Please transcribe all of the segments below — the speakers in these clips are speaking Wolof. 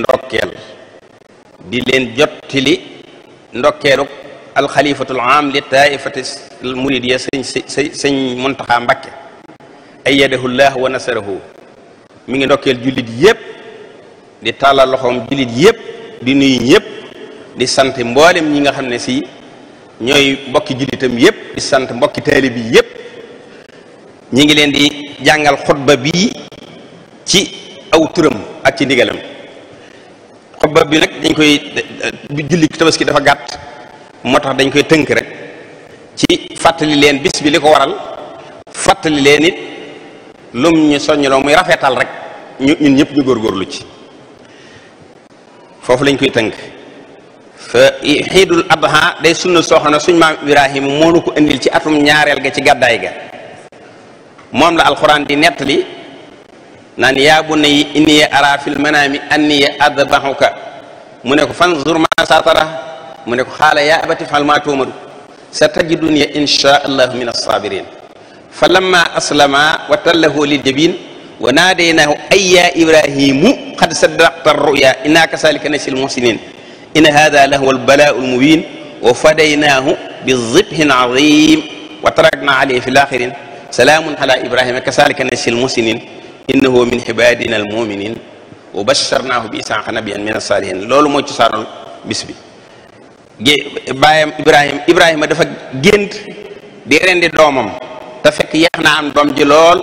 ndokkeel di leen jottili ndokkeeluk alxalifatul am li taifati muridiya sëñ sëñ Muntaxa Mbakke ayyadahu wa nasarahu mi ngi ndokkeel jullit yépp di tàllal loxoom jullit yépp di nuyu ñépp di sant mboolem ñi nga xam ne si ñooy mbokki jullitam yépp di sant mbokki taalibi yépp ñi ngi leen di jàngal xutba bii ci aw turam ak ci ndigalam xutba bi nag dañ koy julli tabaski dafa gàtt moo tax dañ koy tënk rek ci fàttali leen bis bi li ko waral fàttali leen it lum ñu soññaloo muy rafetal rek ñu ñun ñëpp ñu góor góorlu ci foofu lañ koy tënk fa xiidul adha day sunna soo xam ne suñ maam ibrahima moo nu ko indil ci atum ñaareel ga ci gàddaay ga moom la alxuraan di nettali naan yaa bunayya inni araa fil manaami anni adbahuka mu ne ko fanzur maa satara mu ne ko xaala yaa abati fal maa tuumaru sa tajiduni insha allahu min assabirin fa lamma aslama wa tallahu lil jabin wa naadaynaahu ay yaa ibrahimu qad saddaqta arruya inna kasalika najzil muhsinin in hada lahu albalaau almubin wa fadaynaahu bi zibhin azim wa tarakna alayhi fi l axirin salaamun ala ibrahima kasalika najzil muhsinin innahu min ibadina al muminin wa basharnaahu bi isaaqa nabiyan min asalihin loolu moo ci saanul bis bi gé baayam ibrahim ibrahima dafa gént di rendi doomam te fekk yeex naa am doom ji lool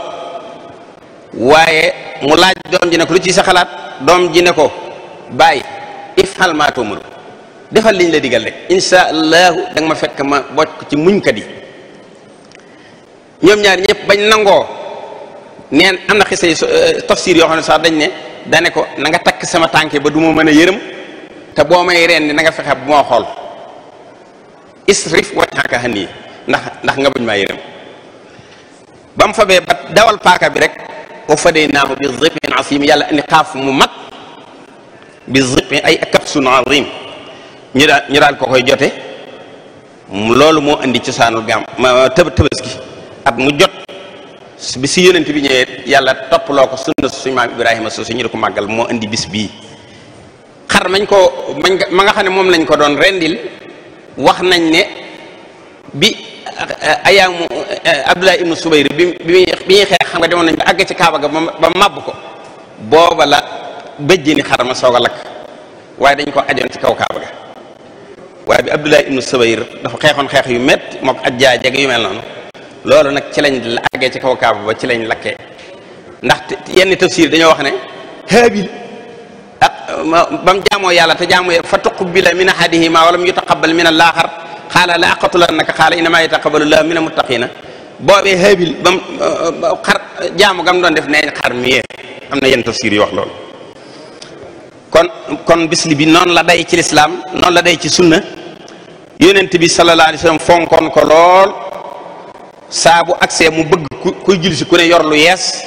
waaye mu laaj doom ji ne ko lu ci sa xalaat doom ji ne ko baay ifal maa tu'mar defal liñ la digal rek insha allahu da ma fekk ma bokk ci muñkat yi ñoom ñaar ñëpp bañ nangoo neen am na xisa yi euh, tafsir yoo xam ne sax dañ ne dane ko nanga takk sama tànkee ba du ma mën a yërëm te boo may reen ni na fexe bu moo xool isrif wajhaka hani ndax ndax nga bañ maa yërëm ba mu fabee ba dawal paaka bi rek fadee naa bi zibhin asim yàlla andi xaaf mu mag bi zibhin ay kabsun azim ñu daal ñu daal ko koy jote loolu moo indi cosaanul gàmm tëb tëbaski at mu jot bi si yonent bi ñëwee yàlla toppaloo ko sunna suñu maam Ibrahima soosu ñu di ko màggal moo indi bis bii xar mañ ko mañ ma nga xam ne moom lañ ko doon rendil wax nañ ne bi eh, ayaamu eh, Abdullah ibnu Subayr bi bi xeex xam nga demoon nañ ba àgg ci Kaaba ga ba màbb ko booba la bëjjëni xar ma soog a lakk waaye dañ ko ajoon ci kaw Kaaba ga waaye bi Abdullah ibnu Subayr dafa xeexoon xeex yu métti moo ko ajjaa jege yu mel noonu loolu nag ci lañ àggee ci kaw kaaba ba ci lañ lakkee ndax yenn tafsir dañoo wax ne haabil ak ah, ba mu jaamoo yàlla te jaamoo fa tuqbila min ahadihima walam yutaqabal min allaaxar xaala la aqatulannaka xaala innama yataqabalullahu min almuttaqina boobee haabil ba mu xar jaamu gam doon def nee xar miyee am na yenn tafsir yi wax loolu kon kon bisli bi noonu la day ci lislaam noonu la day ci sunna yonent bi sallallahu alayhi wa fonkoon ko lool saabu bu mu bëgg kuy julli si ku ne yor lu yees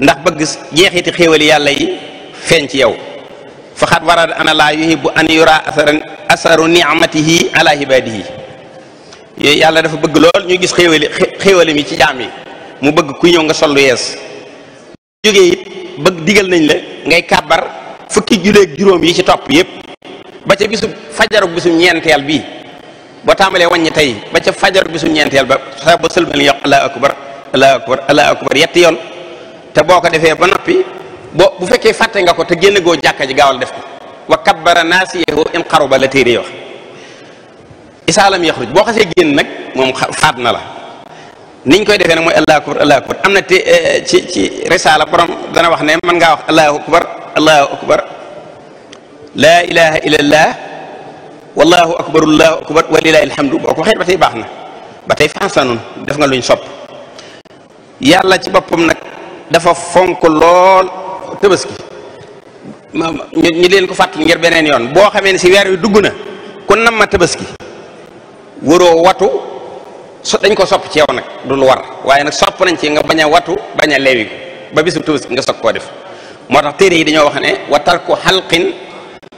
ndax bëgg jeexiti xéewali yàlla yi feeñ ci yow faxat warad ana laa yuhibu an yura asaran asaru ni'matihi ala ibadihi yooyu yàlla dafa bëgg lool ñu gis xéewali xéewali mi ci jaam yi mu bëgg ku ñëw nga sol lu yees jógee it bëgg digal nañ la ngay kàbbar fukki julleeg juróom yi ci topp yépp ba ca bisub fajaru bisub ñeenteel bi boo tàmbalee wàññi tey ba ca fajar bisu ñeenteel ba sa ba sëlmal yoq allahu akbar allahu akbar allahu akbar yetti yoon te boo ko defee ba noppi boo bu fekkee fàtte nga ko te génn goo jàkka ji gaawal def ko wa kabbara naasiyahu in qaruba la téere wax isaalam yaxruj boo xasee génn nag moom faat na la niñ koy defee nag mooy allahu akbar am na te eh, ci ci risaala borom dana wax ne mën nga wax allahu akbar allahu akbar laa ilaha illallah wallahu akbar allahu akbar walilahi alhamdu boo ko waxee ba tey baax na ba tey faxasa def nga luñ sopp yàlla ci boppam nag dafa fonk lool tabaski ñu leen ko fàttali ngir beneen yoon boo xamee ne si weer wi dugg na ku nama ma tabaski waroo watu so dañ ko sopp ci yow nag du lu war waaye nag sopp nañ ci nga bañ a baña bañ a ba bisu tabaski nga soog koo def moo tax téere yi dañoo wax ne wa tarku xalqin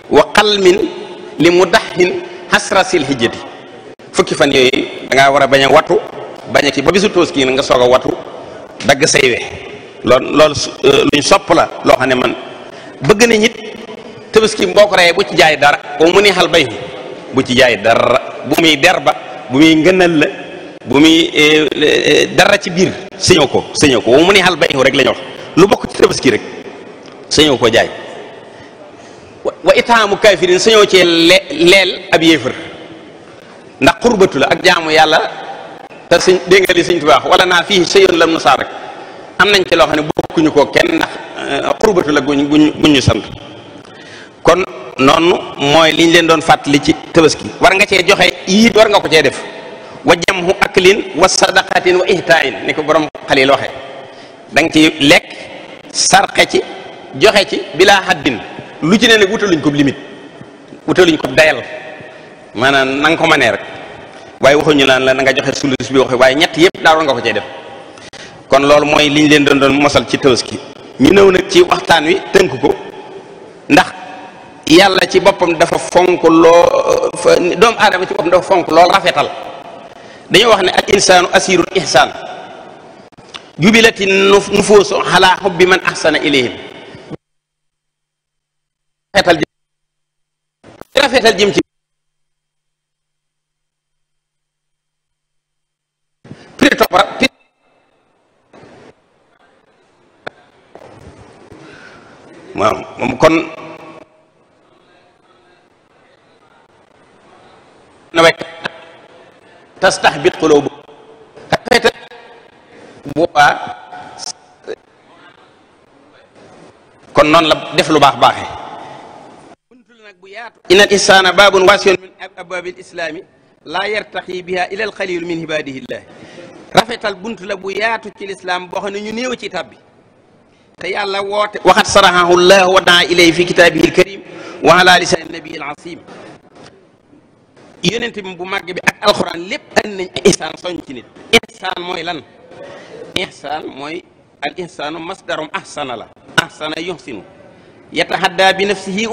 wa qalmin li mu daxin xasra sil hijjati fukki fan yooyu da war a bañ a wattu baña ki kii ba bisu toos nga soog a wattu dagg say we loolu loolu euh, luñ sopp la loo xam ne man bëgg nañ it tabaski boo ko reyee bu ci jaay dara bu mu neexal bay bu ci jaay dara bu muy der ba bu muy ngënal la bu muy euh, euh, dara ci biir sëñoo ko sëñoo ko bu mu neexal bay rek la ñu lu bokk ci tabaski rek sëñoo ko jaay wa itaamu kaafirin sañoo cee leel ab yéefar ndax xurbatu la ak jaamu yàlla te suñ dégg nga li suñ tubaax wala naa fii sëyoon lam nu saa rek am nañ ci loo xam ne bokkuñu koo kenn ndax euh, xurbatu la guñ guñ guñu sant kon noonu mooy liñ leen doon fàttali ci tabaski war nga cee joxe yii war nga ko cee def wa jamhu aklin wa sadaqatin wa ihtain ni ko borom xalil waxee danga ci lekk sarxe ci joxe ci bilaa haddin lu ci ne nag wutaluñ ko limite wutaluñ ko dayal maanaam na nga ko mënee rek waaye waxuñu laan la na nga joxe sulus bi waxe waaye ñett yëpp daa nga ko cay def kon loolu mooy liñ leen doon doon mosal ci tabaski ñu nëw nag ci waxtaan wi tënk ko ndax yàlla ci boppam dafa fonk loo doomu aadama ci boppam dafa fonk lool rafetal dañoo wax ne al insaanu asirul ihsaan jubilati xalaa ala bi man ahsana ilayhim rafetal jëm ci rafetal kon nawet noonu la def lu baax baaxe inna al insana babun min abwaabi l islaami laa yartaxi biha ila al min ibadihillah rafetal bunt la bu yaatu ci lislaam boo xam ne ñu néew ci tab bi te yàlla woote waxat sarahahu llah wa daa ilay fi kitaabihi l karim wa ala lisaani nabii l asim yonent bi bu màgg bi ak alxuraan lépp andi nañ ihsaan soñ ci nit ihsaan mooy lan ihsaan mooy al ihsaanu masdarum ahsana la ahsana yuhsinu yatahadda bi nafsihi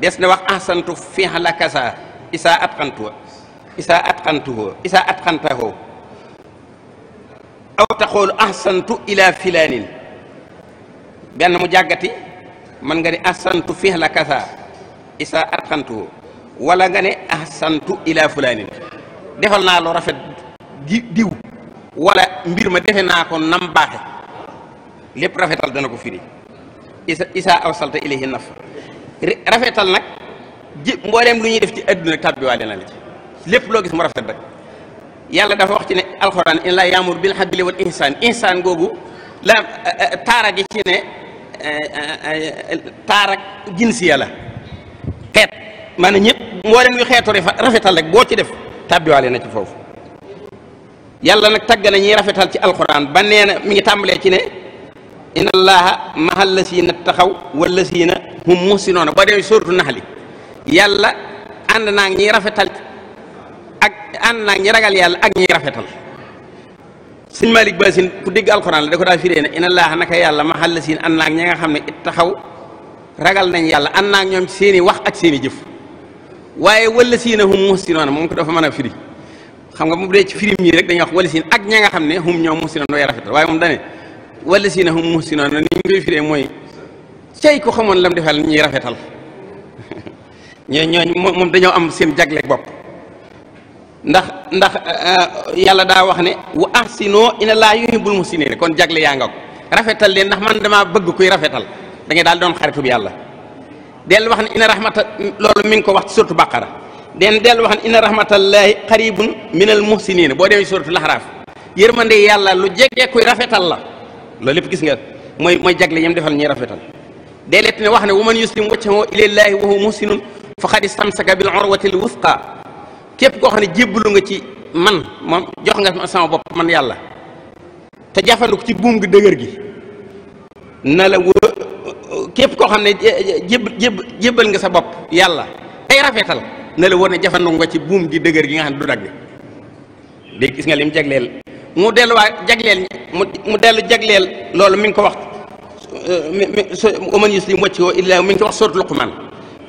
des na wax ahsantu fi'la kaza isaa atqantu isaa atqantuhu isaa atqantahu aw taqoolu ahsantu ila filanin benn mu jàggati mën nga ne ahsantu fi'la kaza isaa atqantuhu walla nga ne ahsantu ila fulanin defal naa loo rafet di diw wala mbir ma defe naa ko nam baaxe lépp rafetal dana ko firi isa isaa awsalta ilayhi naf rafetal nag ji mboolem lu ñuy def ci àdduna tàbbiwaale na la ci lépp loo gis mu rafet rek yàlla dafa wax ci ne alxuraan in laa yaamur bi xadli wal ihsaan ihsaan googu la eh, eh, taara gi ci ne eh, taara jinsiya la xeet maanaam ñëpp mbooleem yu fa rafetal rek boo ci def tàbbiwaale na ci foofu yàlla nag tagg na ñuy rafetal ci alxuraan ba nee na mi ngi tàmbalee ci ne inna allaha mahal lasiina taxaw wal lasiina hum muhsinoona boo demee sóoratu naxli yàlla ànd naa ñiy rafetal ak ànd naa ñi ragal yàlla ak ñiy rafetal sëñ Malick Basin ku dégg alxuraan la da ko daa firee ne inna laaha naka yàlla maxal la siin ànd naa ñi nga xam ne it taxaw ragal nañ yàlla ànd naa ñoom seen i wax ak seen i jëf waaye wala siina hum muhsinoona moom ko dafa mën a firi xam nga mu dee ci firim ñii rek dañuy wax wala siin ak ña nga xam ne hum ñoom muhsinoona way rafetal waaye moom dane wala siina hum muhsinoona ni mu koy firee mooy cey ko xamoon lam defal ñuy rafetal ñoo ñooñ moom dañoo am seen jagle bopp ndax ndax eh, eh, yàlla daa wax ne wa ahsinoo inna laa yuhibbul muhsinin kon jagle yaa nga ko rafetal leen ndax man damaa bëgg kuy rafetal da daal doon xaritub yàlla del wax ne inna rahmata loolu mi ngi ko wax ci suratu den del wax ne inna rahmatallahi qaribun minal muhsinin boo demee suratu laxaraaf yërmande yàlla lu jege kuy rafetal la loolu lépp gis nga mooy mooy jagle yam defal ñuy rafetal deelet ne wax ne waman yuslim wajhahu ilallaahi wa huwa muhsinun faqad istamsaka bil urwatil wusqa képp koo xam ne jébbalu nga ci man ma jox nga sama bopp man yàlla te jafandu ci buum gi dëgër gi na la koo xam ne jéb nga sa bopp yàlla tey rafetal na la wóor ne jafandu nga ci buum gi dëgër gi nga xam ne du dagg dégg gis nga lim jagleel mu delluwaat jagleel mu dellu jagleel loolu mi ngi ko wax wa man yuslim wajhahu illaa mi ngi ci wax sóotu Luqmaan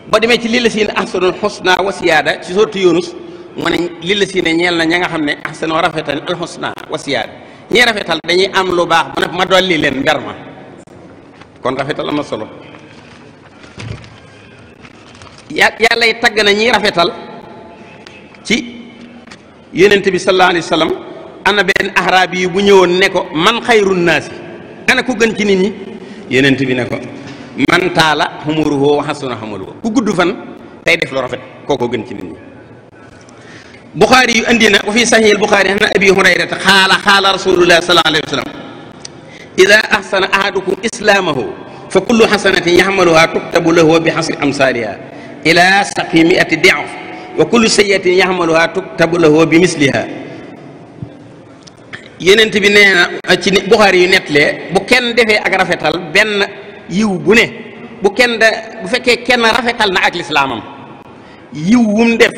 ba demee ci lillaziina ahsanul husnaa wa siyaada ci sóotu Yunus mu ne lillaziina ñeel na ña nga xam ne ahsanu rafetal al husnaa wa siyaada ñi rafetal dañuy am lu baax ba ma dolli leen ma solo yàlla yi tagg na ñiy rafetal ci yonent bi sallallahu alayhi wa sallam ana benn ahraab yi bu ñëwoon ne ko man xayru naasi ana ku gën ci nit ñi yenent bi ne ko man taala xumuruhoo wa xasuna xamaluhu ku gudd fan tey def lu rafet kookoo gën ci nit ñi buxaari yu andi na wa fi saxiix buxaari xana abi hurayrata xaala xaala rasulullah sallallahu alayhi wa sallam ida axsana ahadukum islaamahu fa kullu xasanatin yaxmaluha tuktabu lahu wa bi xasri amsaaliha ila saqi miati diaf wa kullu sayiatin yaxmaluha tuktabu lahu wa bi misliha yenent bi nee na ah, ci Buxaari yu nettalee bu kenn defee ak rafetal benn yiw bu ne bu kenn da bu fekkee kenn rafetal na ak lislaamam yiw wum def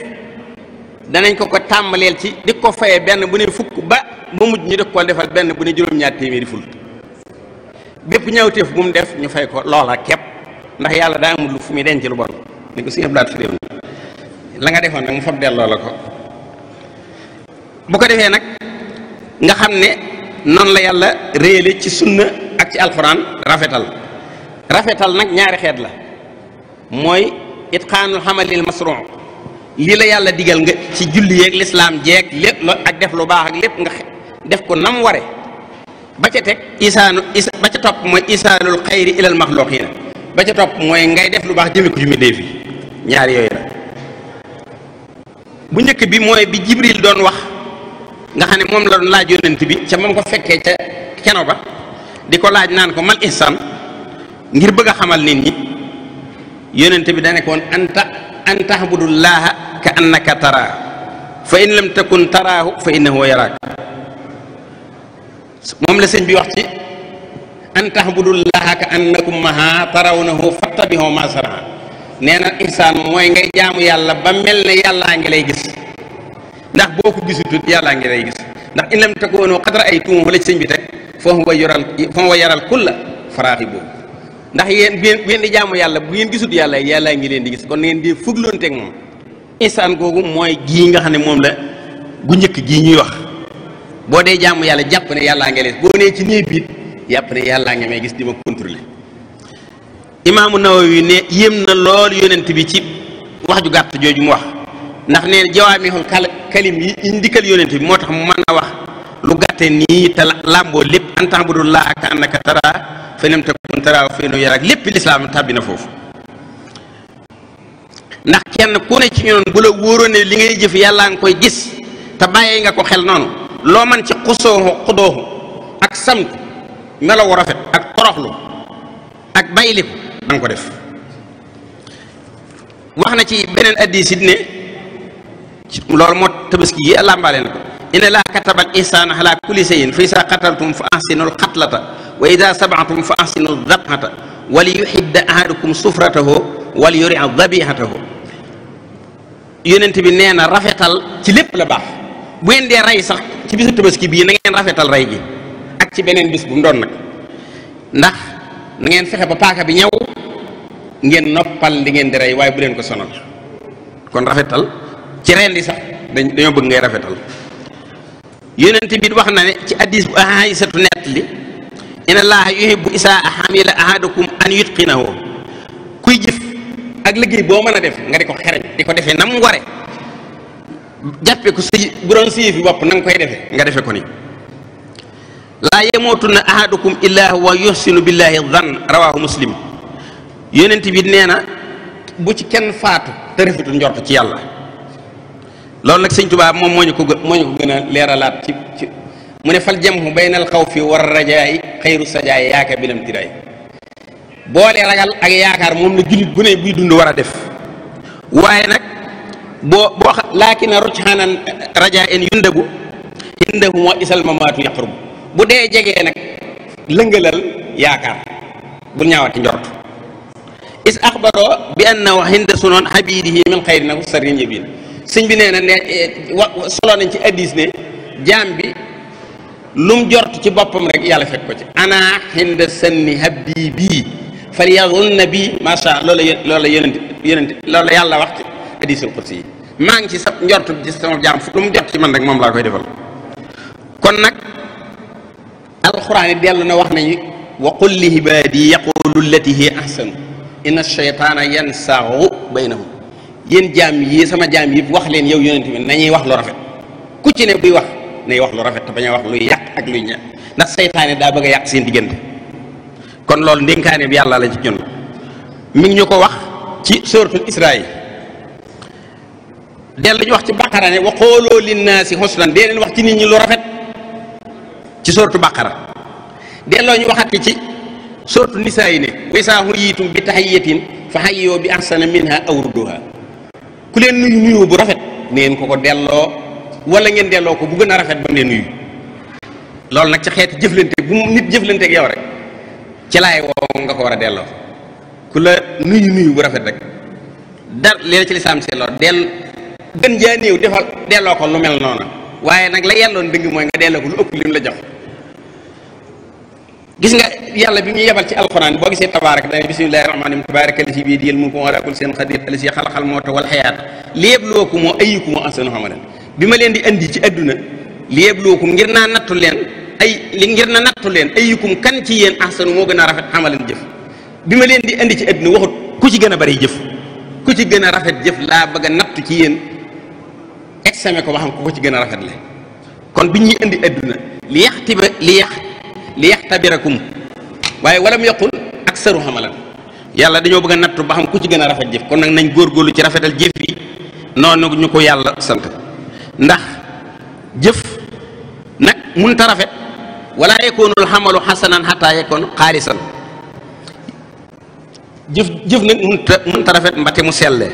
danañ ko ko tàmbaleel ci di ko fayee benn bu ne fukk ba ba mujj ñu def koo defal benn bu ne juróom-ñaar téeméeri ful bépp ñaawteef bu mu def ñu fay ko loola képp ndax yàlla daa amul lu fu muy denc lu bon ni ko si yëpp daat fi la nga defoon nag mu fab delloo la ko bu ko defee nag nga xam ne noonu la yàlla réele ci sunna ak ci alxuraan rafetal rafetal nag ñaari xeet la mooy itqaanul xamalil masron lii la yàlla digal nga ci julli yeeg lislaam jeeg lépp ak def lu baax ak lépp nga def ko nam ware ba ca teg isaanu isa ba ca topp mooy isaanul xayri ilal maxluqina ba ca topp mooy ngay def lu baax jëme ko ci mbindéef yi ñaar yooyu la bu njëkk bi mooy bi jibril doon wax nga xam ne moom la doon laaj yonent bi ca moom ko fekkee ca keno ba di ko laaj naan ko mal ihsan ngir bëgg a xamal nit ñi yonent bi da nekkoon anta an tahbudullaha ka annaka tara fa in lam takun taraahu fa la sëñ bi wax ci an tahbudullaha ka nee na mooy ngay jaamu yàlla ba mel ne yàllaa ngi lay gis ndax boo ko gisutut yàllaa ngi lay gis ndax in lam takoonoo xadra ay tuuma la ci sëñ bi teg foofu wa yoral foofu wa yaral kulla faraaxi boobu ndax yéen bi ngeen di jaamu yàlla bu ngeen gisut yàlla yàllaa ngi leen di gis kon ngeen di fugloon teg moom insaan googu mooy gii nga xam ne moom la gu njëkk gii ñuy wax boo dee jàmm yàlla jàpp ne yàllaa ngi lay boo nee ci nii biit yàpp ne yàllaa ngi may gis di ma contrôler imaamu Nawawi ne yéem na lool yonent bi ci wax ju gàtt jooju mu wax ndax nee na jawaamihul kalim yi indikkal yonent bi moo tax mu mën a wax lu gàtte nii te làmboo lépp antan bu dul laa ka annaka tara fa lam takun tara fa innahu yaraak lépp lislaam tàbbi na foofu ndax kenn ku ne ci ñoom bu la wóoroon ne li ngay jëf yàllaa nga koy gis te bàyyee nga ko xel noonu loo man ci xusooxu xudooxu ak samt melowu rafet ak toroxlu ak bayliku da ko def wax na ci beneen addis it ne loolu moo tabaski yi làmbaale na ko inna laa katabal ihsaana ala kulli shay'in fa izaa qataltum fa ahsinul qatlata wa izaa sabaxtum fa ahsinul dabxata wal yuhidda ahadukum sufratahu wal yuri dabihatahu yonent bi nee na rafetal ci lépp la baax bu ngeen dee rey sax ci bisu tabaski bi na ngeen rafetal rey gi ak ci beneen bis bu mu doon nag ndax na ngeen fexe ba paaka bi ñëw ngeen noppal li ngeen di rey waaye bu leen ko sonal kon rafetal ci reen di sax dañoo bëgg ngay rafetal yonent bi wax na ne ci addis bu ahaysatu nett li inna allaha yuhibbu isaa hamila ahadakum an yutqinahu kuy jëf ak liggéey boo mën a def nga di ko di ko defee nam ware jàppe ko si bu si fi bopp na nga koy defee nga defe ko ni laa yamootunna ahadukum illa huwa yuhsinu billahi dhann rawahu muslim yonent bi nee na bu ci kenn faatu te rafetu njort ci yàlla loolu nag sëñ Tuubaa moom moo ñu ko gën a leeralaat ci ci mu ne fal jamhu baynal xawfi war rajaay xayru sajaay yaaka bilam tiraay boolee ragal ak yaakaar moom la jullit bu ne buy dund war a def waaye nag boo boo xa laakina rujxaanan rajaa en yundabu yundabu moo isal mamaatu yaqrubu bu dee jegee nag lëngalal yaakaar bul ñaawati njort is axbaroo bi annahu hinda sunoon xabiidihi min xayri nag sarrin yabin sëñ bi nee na ne eh, nañ ci hadiis ne jaam bi lum jort ci boppam rek yàlla fekk ko ci ana xind sanni habdi bii fal yazunna bii macha loola loola yonent yonent loola yàlla wax ci hadiisul qudsi yi maa ngi ci sa njortu ci sama jaam lu mu jot ci man rek moom laa koy defal kon nag alxuraan yi dellu na wax nañu wa qul li ibaadi yaqulu allati hiya ahsanu inna shaytaana yansaxu baynahum yéen jaam yi sama jaam yëpp wax leen yow yonent bi nañuy wax lu rafet ku ci ne buy wax nay wax lu rafet te bañ a wax luy yàq ak luy ña ndax saytaane daa bëgg a yàq seen diggante kon loolu ndénkaane bi yàlla la ci ñun mi ngi ñu ko wax ci suratul isra yi del lañu wax ci bàqara ne wa xooloo linnaasi xusnan dee leen wax ci nit ñi lu rafet ci suratu bàqara delloo ñu waxat ci suratu nisaa yi ne wa izaa huyitum bi tahiyyatin fa hayyoo bi ahsana minha aw ku leen nuyu nuyu bu rafet neen ko ko delloo wala ngeen delloo ko bu gën a rafet ba mu leen nuyu loolu nag ci xeeti jëflante bu nit jëflante ak yow rek ci laay woo nga ko war a delloo ku la nuyu nuyu bu rafet rek dar léeg ci lislaam seetloo dell gën jaa néew defal delloo ko lu mel noonu waaye nag la yelloon dëgg mooy nga delloo ko lu ëpp lim la jox gis nga yàlla bi ñu yebal ci alxuraan boo gisee tabaaraka dane bismillahi rahmaani rahim tabaaraka lasi bii diyal mulku wa rakul seen xadir alasi xalxal mawta wal xayaat léeblooku moo ayyukum ahsanu amalan bi ma leen di indi ci adduna léeblookum ngir naa nattu leen ay li ngir na nattu leen ay ayyukum kan ci yéen ahsanu moo gën a rafet leen jëf bi ma leen di indi ci adduna waxut ku ci gën a bari jëf ku ci gën a rafet jëf laa bëgg a ci yéen exame ko ba xam ku ci gën a rafet le kon bi ñuy andi adduna li li yaxtabirakum waaye walam yaqul aksaru xamalan yàlla dañoo bëgg a nattu ba xam ku ci gën a rafet jëf kon nag nañ góorgóorlu ci rafetal jëf yi noonu ñu ko yàlla sant ndax jëf nag munta rafet wala yakoonul xamalu xasanan xataa yakoon xaalisan jëf jëf nag munta munta rafet mbate mu selle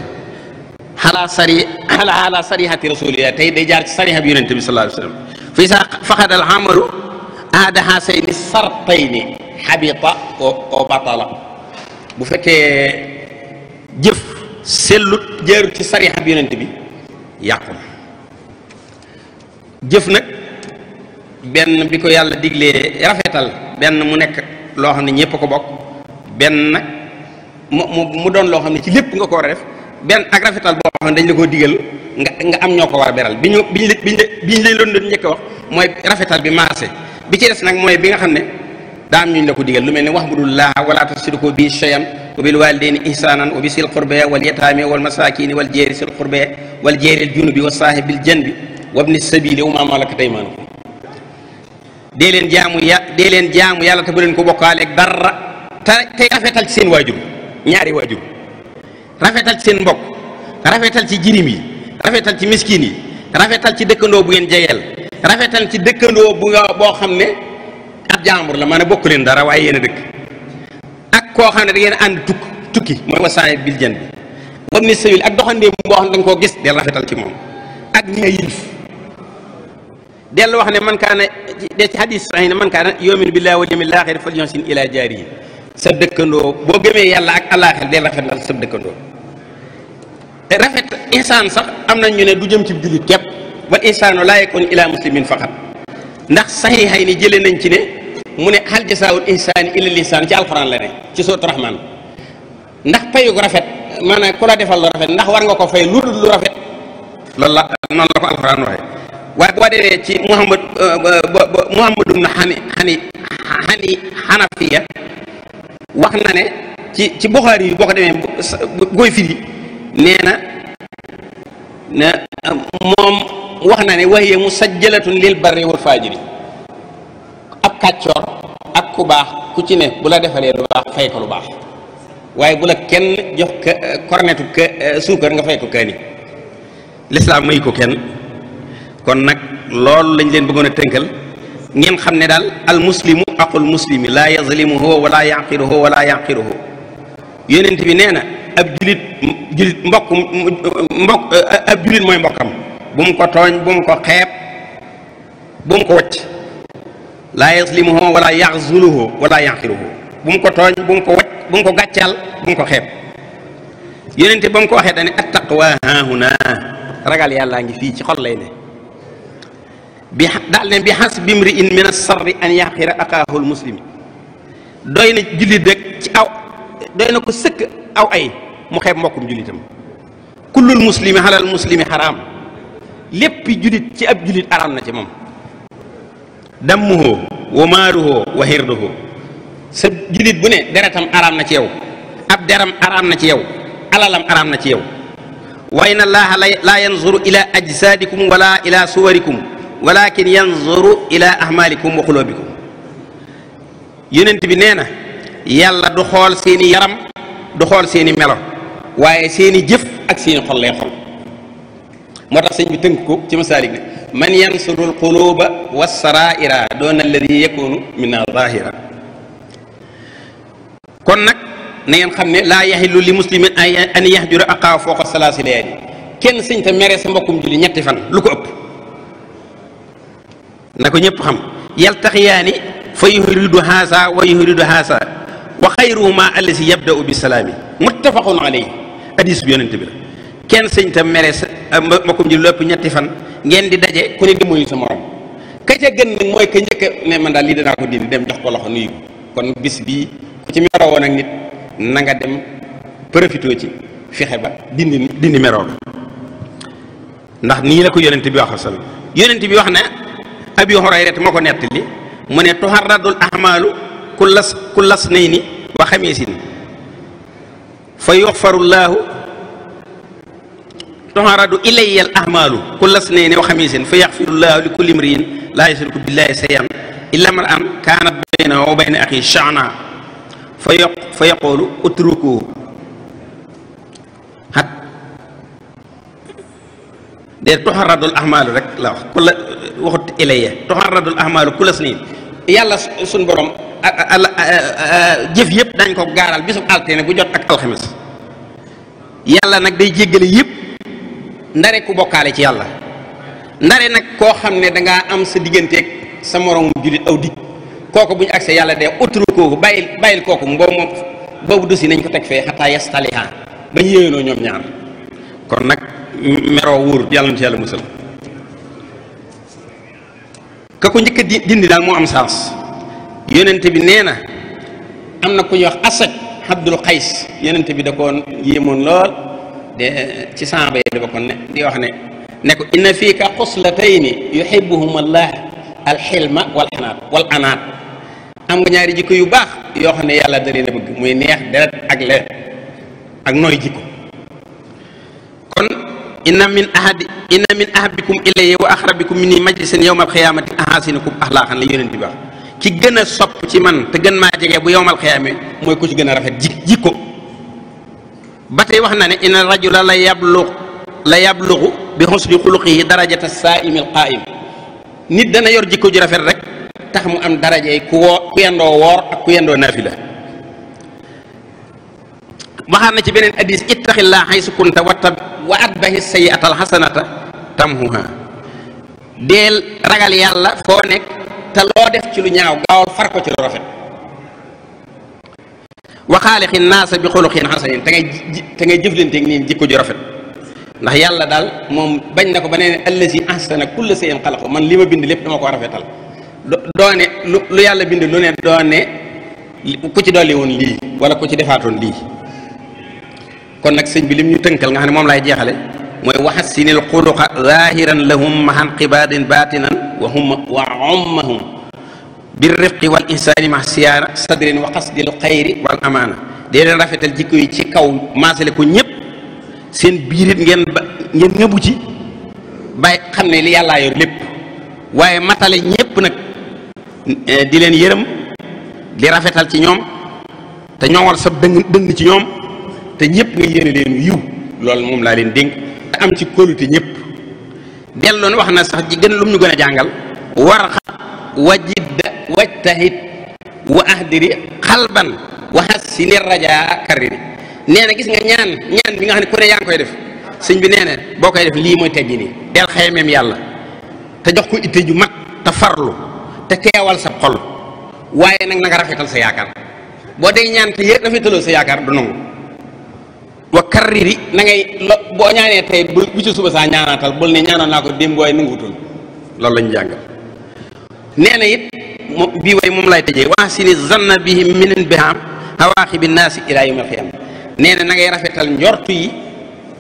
xalaa sari xalaa xalaa sarihati rasulillah tey day jaar ci sariha bi yonente sa faxadal xamalu aada hasayni ni xabita o batala bu fekkee jëf sellut jaarut ci sariya bi yonent bi yàqu jëf nag benn bi ko yàlla diglee rafetal benn mu nekk loo xam ne ñépp ko bokk benn nag mu mu doon loo xam ne ci lépp nga ko war a benn ak rafetal boo xam ne dañ la koo digal nga nga am ñoo ko war a beral bi ñu bi ñu bi leen doon njëkk a wax mooy rafetal bi maase bi ci des nag mooy bi nga xam ne daa am ñu la ko digal lu mel ne wa'budullaaha wala tusriku bihi shay'an wa bil ni ihsanan wa bi sil qurbaa wal yataami wal masakini wal jeeri sil qurbaa wal jeeril junubi wa saaxib bil janbi wabni sabili wa maa malakat aymaanukum dee leen jaamu ya dee leen jaamu yàlla te bu ko bokkaaleeg dara te tey rafetal ci seen waajur ñaari waajur rafetal ci seen mbokk rafetal ci jirim yi rafetal ci miskin yi rafetal ci dëkkandoo bu ngeen jegeel rafetal ci dëkkandoo bu boo xam ne ab jaambur la man ne bokk leen dara waaye yéen a dëkk ak koo xam ne da ngeen ànd tukk tukki mooy wasaane bil jën bi wabni sabil ak doxandéem boo xam ne da nga koo gis del rafetal ci moom ak ñi nga yilif wax ne man kaana de ci hadis sahih ne man kaana yominu billaahi wal yawmil aaxir fal yuhsin ilaa jaarihi sa dëkkandoo boo gëmee yàlla ak àllaaxir del rafetal sa dëkkandoo rafet insaan sax am na ñu ne du jëm ci jullit képp wal insaanu laa yakun ila muslimin faqat ndax saxiixay ni jëlee nañ ci ne mu ne hal jasaawul insaani illa lisaan ci alxuraan la ne ci sootu rahmaan ndax payug rafet maanaam ku la defal lu rafet ndax war nga ko fay lu dul lu rafet loolu la noonu la ko alxuraan waxee waaye boo demee ci muhammad euh, muhammad ibn xani xani wax na ne ci ci buxaari boo ko demee gooy firi nee na na moom wax na ne waxya musajjalatun lil barri wal fajiri ab kàccoor ak ku baax ku ci ne bu la defalee lu baax fay ko lu baax waaye bu la kenn jox kornetu eh, suukar nga fay ko kaani lislaam mayu ko kenn kon nag loolu lañ leen bëggoon a tënkal ngeen xam ne daal al muslimu aqul muslimi laa yazlimuhu wala yaqiruhu wala yaqiruhu yonent bi nee na ab julit julit mbokk mbokk eh, ab julit mooy mbokkam bu mu ko tooñ bu mu ko xeeb bu mu ko wacc laa yaslimuhu wala yaxzuluhu wala yaqiruhu bu mu ko tooñ bu mu ko wacc bu mu ko gàccaal bu mu ko xeeb yonente ba mu ko waxee dane attaqwa haahuna ragal yàllaa ngi fii ci xol lay ne bi daal bi xas bimri in min asarri an yaqira aqaahul muslimi doy na jullit rek ci aw doy na ko sëkk aw ay mu xeeb mbokkum jullitam kullul muslimi xalal muslimi xaraam léppi julit ci ab julit araam na ci moom dammuhu wa maaruhu wa xirduhu sa julit bu ne deretam araam na ci yow ab deram araam na ci yow alalam araam na ci yow wa inna allaha laa yanzuru ila ajsadikum wala ila suwarikum walakin yanzuru ila ahmalikum wa xuloobikum yonent bi nee na yàlla du xool seeni yaram du xool seeni melo waaye seeni jëf ak seeni xol lay moo tax sëñ bi tënk ko ci masaalik ne man yansurul quluba wasaraira doon alladi yakunu minna zahira kon nag na ngeen xam ne la yaxilu li muslimin an yahjura aqaa fooqa salaasi layali kenn sëñ te mere mbokkum julli ñetti fan lu ko ëpp na ko ñëpp xam yaltaxiyaani fa yuhridu haasa wa yuhridu haasa wa xayruhuma allasi yabda'u bisalaami muttafaqun alayhi hadis bi yonent bi la kenn sëñ ta mere sa ah, mbokkum ji lépp ñetti fan ngeen di daje ku ne di moyu sa morom ka ca gën nag mooy ka njëkk a ne man daal lii danaa ko dindi dem jox ko loxo nuyu kon bis bii ku ci meroo woon ak nit na nga dem profité ci fexe ba dindi dindi meroo ndax nii la ko yonent bi wax sallam yonent bi wax ne abi hurayrat moo ko nettali mu ne tuharradul ahmaalu ku las ku las nay ni wa xamee si ni fa yuxfarullaahu tuharadu ilayya al ahmaalu kulla snayni wa xamisin fa yaxfirullahu li kulli imriin laa yusriku la wax suñ borom jëf yëpp dañ ko gaaral bisu altine bu jot ak alxames yàlla nag day jéggale yëpp ndare ku bokkaale ci yàlla ndare nag koo xam ne danga am sa digganteeg sa moroom jullit aw dig kooku bu ñu agsee yàlla dee utru kooku bàyyil bàyyil kooku mboobu moom boobu dusi nañ ko teg fee xataa yastaliha ba ñu yéwénoo ñoom ñaar kon nag meroo wuur yàlla na ci yàlla musal ka ko njëkk di dindi daal moo am sens yonente bi nee na am na ku ñuy wax asaj abdul xays yonente bi da ko yéemoon lool de ci saaba yi dafa ko ne di wax ne ne ko inna fiika xuslatayni yuhibbuhum allah alxilma wal anaat wal am nga ñaari jikko yu baax yoo xam ne yàlla da leen a bëgg muy neex deret ak leer ak nooy jikko kon inna min ahadi inna min ahabikum ilayya wa axrabikum minni majlisan yowmal xiyaamati ahasinakum axlaaqan la yonent bi wax ki gën sopp ci man te gën maa jege bu yowmal xiyaame mooy ku ci gën a rafet jikko ba tey wax na ne inna rajula la yabluq la yabluqu bi xusni xuluqihi darajata saaimil qaim nit dana yor jikko ju rafet rek tax mu am darajey ku woo yendoo woor ak ku yendoo naafila waxaat na ci beneen hadis ittaqillaa xaysu kunta watta wa atbahi sayiata alxasanata tamhuha deel ragal yàlla foo nekk te loo def ci lu ñaaw gaawal far ko ci lu rafet waxaalixi naasa bi xuluqin xasanin te ngay te ngay jëflanteeg nii jikko ju rafet ndax yàlla daal moom bañ na ko ba nee ne allazi ahsana kulla shay'in man li ma bind lépp dama ko rafetal doone lu lu yàlla bind lu ne doone ku ci dolli woon lii wala ku ci defaatoon lii kon nag sëñ bi lim ñu tënkal nga xam ne moom laay jeexale mooy waxasinil xuluqa zahiran lahum mahan qibaadin batinan wa hum wa ummahum birrifqi wal ihsaani ma siyaara sadrin wa qasdil xayri wal amaana dee leen rafetal jikko yi ci kaw maasale ko ñëpp seen biirit ngeen ba ngeen ngëbu ci bàyyi xam ne li yàllaa yor lépp waaye matale ñëpp nag eh, di leen yërëm di rafetal ci ñoom te ñoŋal sa dëng dëng ci ñoom te ñëpp nga yéene leen yiw loolu moom laa leen dénk te am ci kóolute ñëpp ne wax na sax ji gën lum ñu gën a jàngal war wajid wajtahid wa ahdiri xalban wa hassini raja kariri nee na gis nga ñaan ñaan bi nga xam ne ku yaa ngi koy def sëñ bi nee boo koy def lii mooy teggi nii del xaymeem yàlla te jox ko itte ju mat te farlu te teewal sa xol waaye nag na rafetal sa yaakaar boo dee ñaan te yéen rafetaloo sa yaakaar du nangu wa karriri na ngay boo ñaanee tey bu ci suba saa ñaanaatal bul ne ñaanoon naa ko démb waaye nanguwutul loolu lañu jàng nee na it moom bii way moom lay tëjee wax si ni zanna bi minin biham xawaaxi bi naasi ilaa yawmal qiyaama nee na na ngay rafetal njortu yi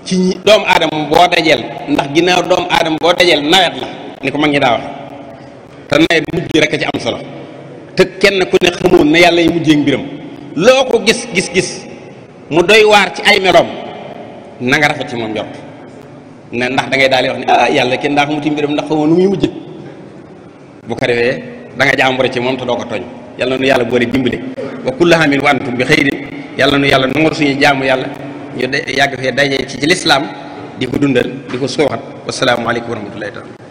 ci doomu aadama boo dajeel ndax ginnaaw doomu aadama boo dajeel nawet la ni ko mag ñi daa wax te nawet mujj rek a ci am solo te kenn ku ne xamoon na yàlla yi mujjee mbiram loo ko gis gis gis mu doy waar ci ay meloom na nga rafet ci moom njort ndax da ngay daal di wax ne ah yàlla kenn daa xamuti mbiram ndax xamoon nu muy bu ko defee da nga jàmbure ci moom te doo ko tooñ yàlla na nu yàlla boole dimbale wa kullu amin wa antum bi xayrin yàlla nu yàlla nangul suñu jaamu yàlla ñu yàgg fee daje ci ci lislaam di ko dundal di ko sooxat wasalaamualeykum wa rahmatullahi taala